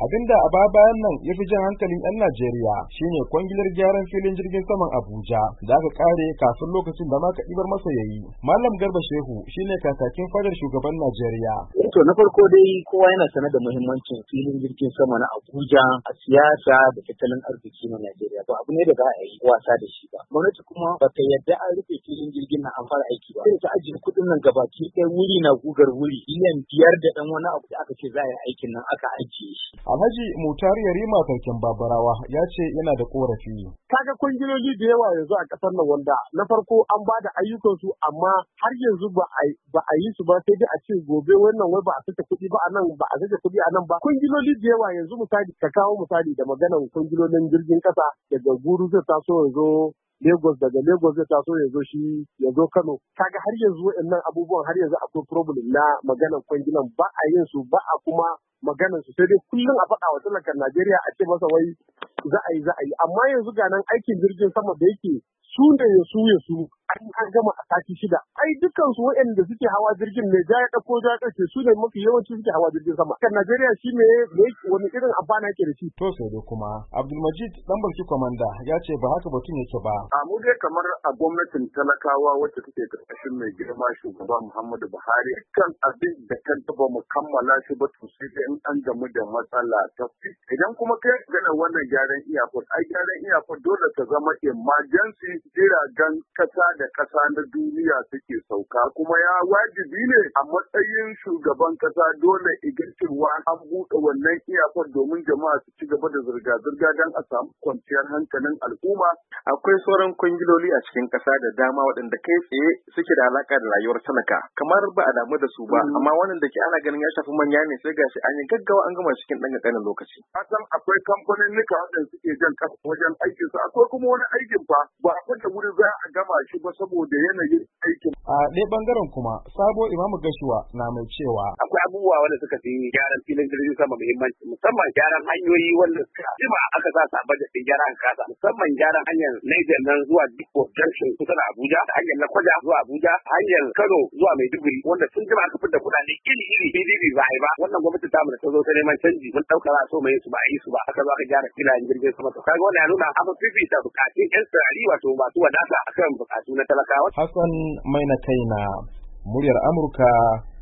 abinda a ba bayan nan ya fi jan hankalin 'yan Najeriya shine kwangilar gyaran filin jirgin saman Abuja da aka kare kafin lokacin da maka ɗibar masa ya yi. Malam Garba Shehu shine kakakin fadar shugaban Najeriya. To na farko dai kowa yana sane da muhimmancin filin jirgin sama na Abuja a siyasa da tattalin arziki na Najeriya ba abu ne da za a yi wasa da shi ba. Gwamnati kuma ba ta yadda an rufe filin jirgin na an aiki ba. Sai ta ajiye kuɗin nan gabaki ɗaya wuri na gugar wuri Biyan biyar da ɗan wani abu da aka ce za a yi aikin nan aka ajiye shi. Alhaji Mutar Yarima sarkin Babarawa ya ce yana da korafi. Kaga kungiyoyi da yawa yanzu a kasar nan wanda na farko an ba da ayyukan su amma har yanzu ba a yi su ba sai dai a ce gobe wannan wai ba a saka kuɗi ba a nan ba a saka kuɗi a nan ba. Kungiyoyi da yawa yanzu misali ka kawo misali da maganan kungiyoyin jirgin ƙasa daga guru zai taso yanzu Lagos daga Lagos zai taso ya zo shi ya zo Kano kaga har yanzu wa'annan abubuwan har yanzu akwai problem na maganar kwangilan ba a yin su ba a kuma maganar su sai dai kullum a faɗa wa talakan Najeriya a ce masa wai za a yi za a yi amma yanzu ga aikin jirgin sama da yake su ne ya su ya su an an gama a sati shida ai dukkan su waɗanda suke hawa jirgin mai ja ya ɗauko ja ƙarshe su ne mafi yawanci suke hawa jirgin sama kan Najeriya shi ne wani irin amfana yake da shi to sai da kuma Abdulmajid dan barki komanda ya ce ba haka batun yake ba a mu dai kamar a gwamnatin talakawa wacce take karkashin mai girma shugaba Muhammadu Buhari kan abin da kan taba mu kammala shi ba to sai da an gamu da matsala ta idan kuma kai gana wannan gyaran iyakar ai gyaran iyakar dole ta zama emergency jiragen kasa da ƙasa na duniya suke sauka kuma ya wajibi ne a matsayin shugaban ƙasa dole idan cewa an buɗe wannan iyakar domin jama'a su ci gaba da zirga-zirga don a samu kwanciyar hankalin al'umma. Akwai sauran kwangiloli a cikin ƙasa da dama waɗanda kai tsaye suke da alaƙa da rayuwar talaka kamar ba a damu da su ba mm. amma wannan da ke ana ganin ya shafi manya ne sai gashi an yi gaggawa an gama cikin ɗan ƙanƙanin lokaci. san akwai kamfanin nika waɗanda suke jan ƙasa wajen aikinsu akwai kuma wani aikin fa ba a da wuri za a gama shi ba saboda yanayin aikin. A ɗaya ɓangaren kuma, Sabo Imamu Gashuwa na mai cewa. abubuwa wanda suka fi gyaran filin jirgin sama muhimmanci musamman gyaran hanyoyi wanda suka ba aka sa su a bajet din gyaran kasa musamman gyaran hanyar Niger nan zuwa Dikko Junction kusa da Abuja da hanyar Kwaja zuwa Abuja hanyar Kano zuwa Maiduguri wanda sun jima aka fitar da kudane iri iri PDP ba a yi ba wannan gwamnati ta mu da ta zo ta neman canji mun dauka za so mai su ba a yi su ba aka zo aka gyara filayen jirgin sama to kaga wannan ya nuna an fifita bukatun 'yan sarari wato masu wadata akan bukatu na talakawa. Hassan Maina Kaina muryar Amurka